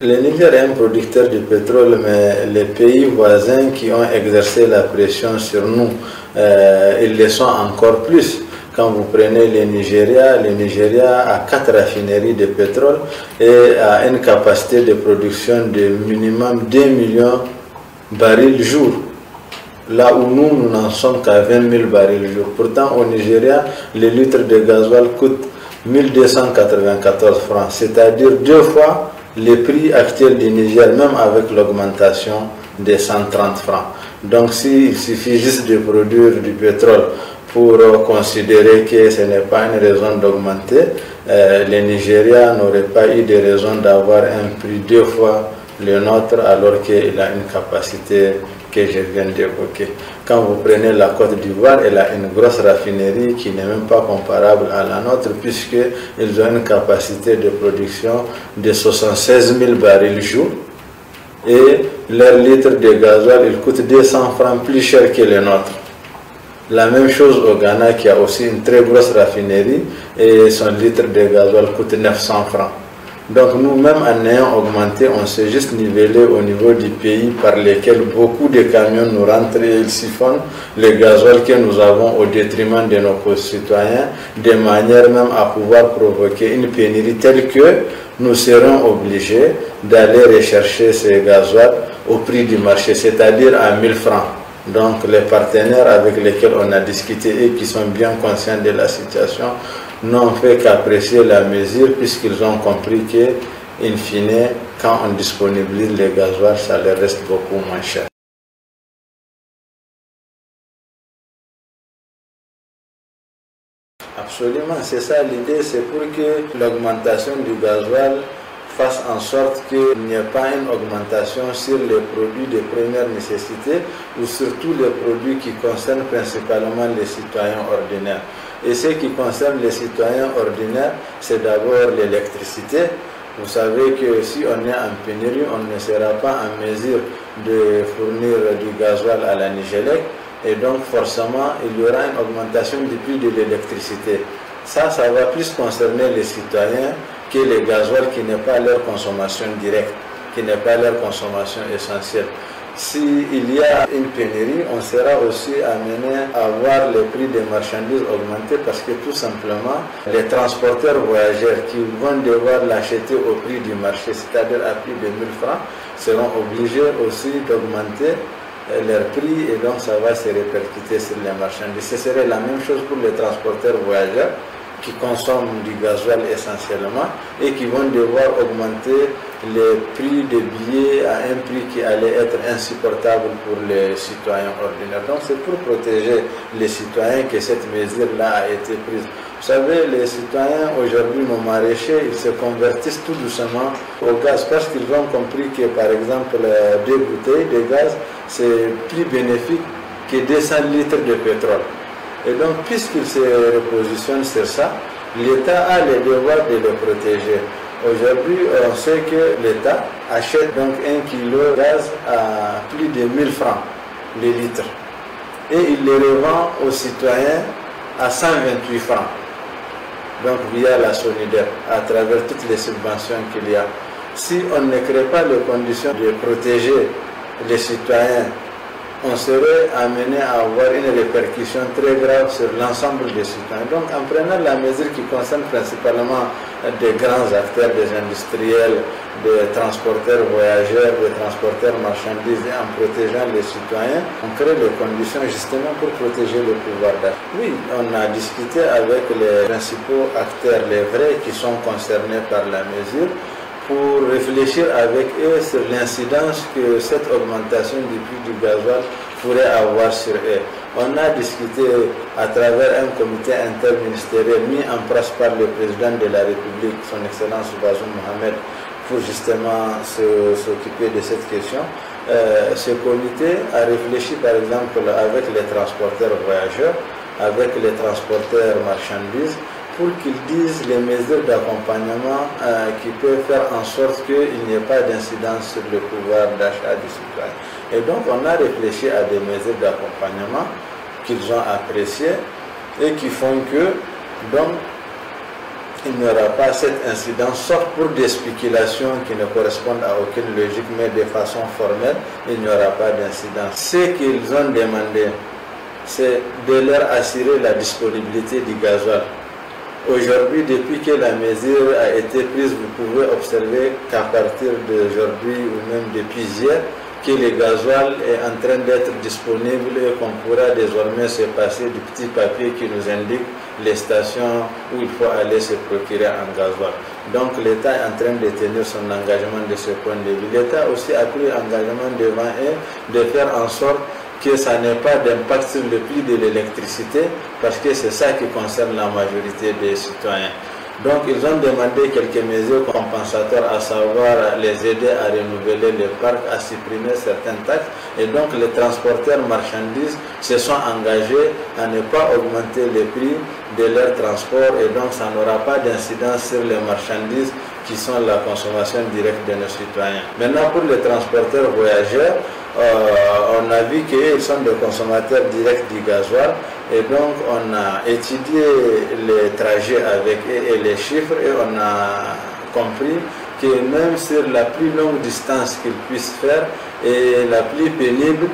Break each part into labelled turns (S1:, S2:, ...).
S1: Le Niger est un producteur de pétrole, mais les pays voisins qui ont exercé la pression sur nous, euh, ils le sont encore plus. Quand vous prenez le Nigeria, le Nigeria a quatre raffineries de pétrole et a une capacité de production de minimum 2 millions barils jour là où nous, nous n'en sommes qu'à 20 000 barils jour. Pourtant, au Nigeria, les litres de gasoil coûte 1294 francs, c'est-à-dire deux fois les prix actuels du Niger, même avec l'augmentation des 130 francs. Donc s'il suffit juste de produire du pétrole pour euh, considérer que ce n'est pas une raison d'augmenter, le euh, les n'aurait n'auraient pas eu de raison d'avoir un prix deux fois le nôtre alors qu'il a une capacité que je viens d'évoquer. Quand vous prenez la Côte d'Ivoire, elle a une grosse raffinerie qui n'est même pas comparable à la nôtre, puisqu'ils ont une capacité de production de 76 000 barils jour. Et leur litre de gasoil, il coûte 200 francs plus cher que le nôtre. La même chose au Ghana qui a aussi une très grosse raffinerie et son litre de gasoil coûte 900 francs. Donc nous-mêmes, en ayant augmenté, on s'est juste nivelé au niveau du pays par lequel beaucoup de camions nous rentrent et ils siphonnent le gasoil que nous avons au détriment de nos concitoyens, de manière même à pouvoir provoquer une pénurie telle que nous serons obligés d'aller rechercher ces gasoils au prix du marché, c'est-à-dire à 1000 francs. Donc les partenaires avec lesquels on a discuté et qui sont bien conscients de la situation n'ont fait qu'apprécier la mesure puisqu'ils ont compris que, in fine, quand on disponibilise les gasoil ça leur reste beaucoup moins cher. Absolument, c'est ça l'idée, c'est pour que l'augmentation du gasoil fasse en sorte qu'il n'y ait pas une augmentation sur les produits de première nécessité ou sur tous les produits qui concernent principalement les citoyens ordinaires. Et ce qui concerne les citoyens ordinaires, c'est d'abord l'électricité. Vous savez que si on est en pénurie, on ne sera pas en mesure de fournir du gasoil à la Nigélec. Et donc forcément, il y aura une augmentation du prix de l'électricité. Ça, ça va plus concerner les citoyens que le gasoil qui n'est pas leur consommation directe, qui n'est pas leur consommation essentielle. S'il y a une pénurie, on sera aussi amené à voir les prix des marchandises augmenter parce que tout simplement, les transporteurs voyageurs qui vont devoir l'acheter au prix du marché, c'est-à-dire à plus de 1000 francs, seront obligés aussi d'augmenter euh, leur prix et donc ça va se répercuter sur les marchandises. Ce serait la même chose pour les transporteurs voyageurs qui consomment du gasoil essentiellement et qui vont devoir augmenter les prix des billets à un prix qui allait être insupportable pour les citoyens ordinaires. Donc c'est pour protéger les citoyens que cette mesure-là a été prise. Vous savez, les citoyens aujourd'hui, nos maraîchers, ils se convertissent tout doucement au gaz parce qu'ils ont compris que par exemple euh, deux bouteilles de gaz, c'est plus bénéfique que 200 litres de pétrole. Et donc, puisqu'il se repositionne sur ça, l'État a le devoir de le protéger. Aujourd'hui, on sait que l'État achète donc un kilo de gaz à plus de 1000 francs le litre. Et il le revend aux citoyens à 128 francs. Donc via la solidaire, à travers toutes les subventions qu'il y a. Si on ne crée pas les conditions de protéger les citoyens on serait amené à avoir une répercussion très grave sur l'ensemble des citoyens. Donc en prenant la mesure qui concerne principalement des grands acteurs, des industriels, des transporteurs voyageurs, des transporteurs marchandises, et en protégeant les citoyens, on crée les conditions justement pour protéger le pouvoir d'achat. Oui, on a discuté avec les principaux acteurs, les vrais, qui sont concernés par la mesure pour réfléchir avec eux sur l'incidence que cette augmentation du prix du gasoil pourrait avoir sur eux. On a discuté à travers un comité interministériel mis en place par le président de la République, son Excellence Bazoum Mohamed, pour justement s'occuper de cette question. Euh, ce comité a réfléchi par exemple avec les transporteurs voyageurs, avec les transporteurs marchandises, pour qu'ils disent les mesures d'accompagnement euh, qui peuvent faire en sorte qu'il n'y ait pas d'incidence sur le pouvoir d'achat du citoyen. Et donc on a réfléchi à des mesures d'accompagnement qu'ils ont appréciées et qui font que donc il n'y aura pas cette incidence, sauf pour des spéculations qui ne correspondent à aucune logique, mais de façon formelle, il n'y aura pas d'incidence. Ce qu'ils ont demandé, c'est de leur assurer la disponibilité du gasoil Aujourd'hui, depuis que la mesure a été prise, vous pouvez observer qu'à partir d'aujourd'hui ou même depuis hier, que le gasoil est en train d'être disponible et qu'on pourra désormais se passer du petit papier qui nous indique les stations où il faut aller se procurer en gasoil. Donc l'État est en train de tenir son engagement de ce point de vue. L'État aussi a pris l'engagement devant elle de faire en sorte que ça n'ait pas d'impact sur le prix de l'électricité, parce que c'est ça qui concerne la majorité des citoyens. Donc ils ont demandé quelques mesures compensatoires, à savoir les aider à renouveler les parcs, à supprimer certaines taxes. Et donc les transporteurs marchandises se sont engagés à ne pas augmenter les prix de leur transport et donc ça n'aura pas d'incidence sur les marchandises qui sont la consommation directe de nos citoyens. Maintenant pour les transporteurs voyageurs, euh, on a vu qu'ils sont des consommateurs directs du gasoil et donc on a étudié les trajets avec eux et les chiffres et on a compris que même sur la plus longue distance qu'ils puissent faire et la plus pénible,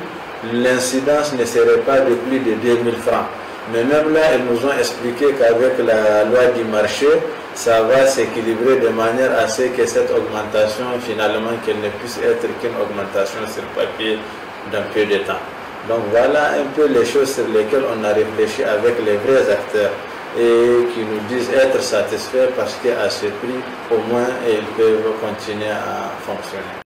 S1: l'incidence ne serait pas de plus de 2000 francs. Mais même là, ils nous ont expliqué qu'avec la loi du marché, ça va s'équilibrer de manière à ce que cette augmentation, finalement, qu'elle ne puisse être qu'une augmentation sur papier d'un peu de temps. Donc voilà un peu les choses sur lesquelles on a réfléchi avec les vrais acteurs et qui nous disent être satisfaits parce qu'à ce prix, au moins, ils peuvent continuer à fonctionner.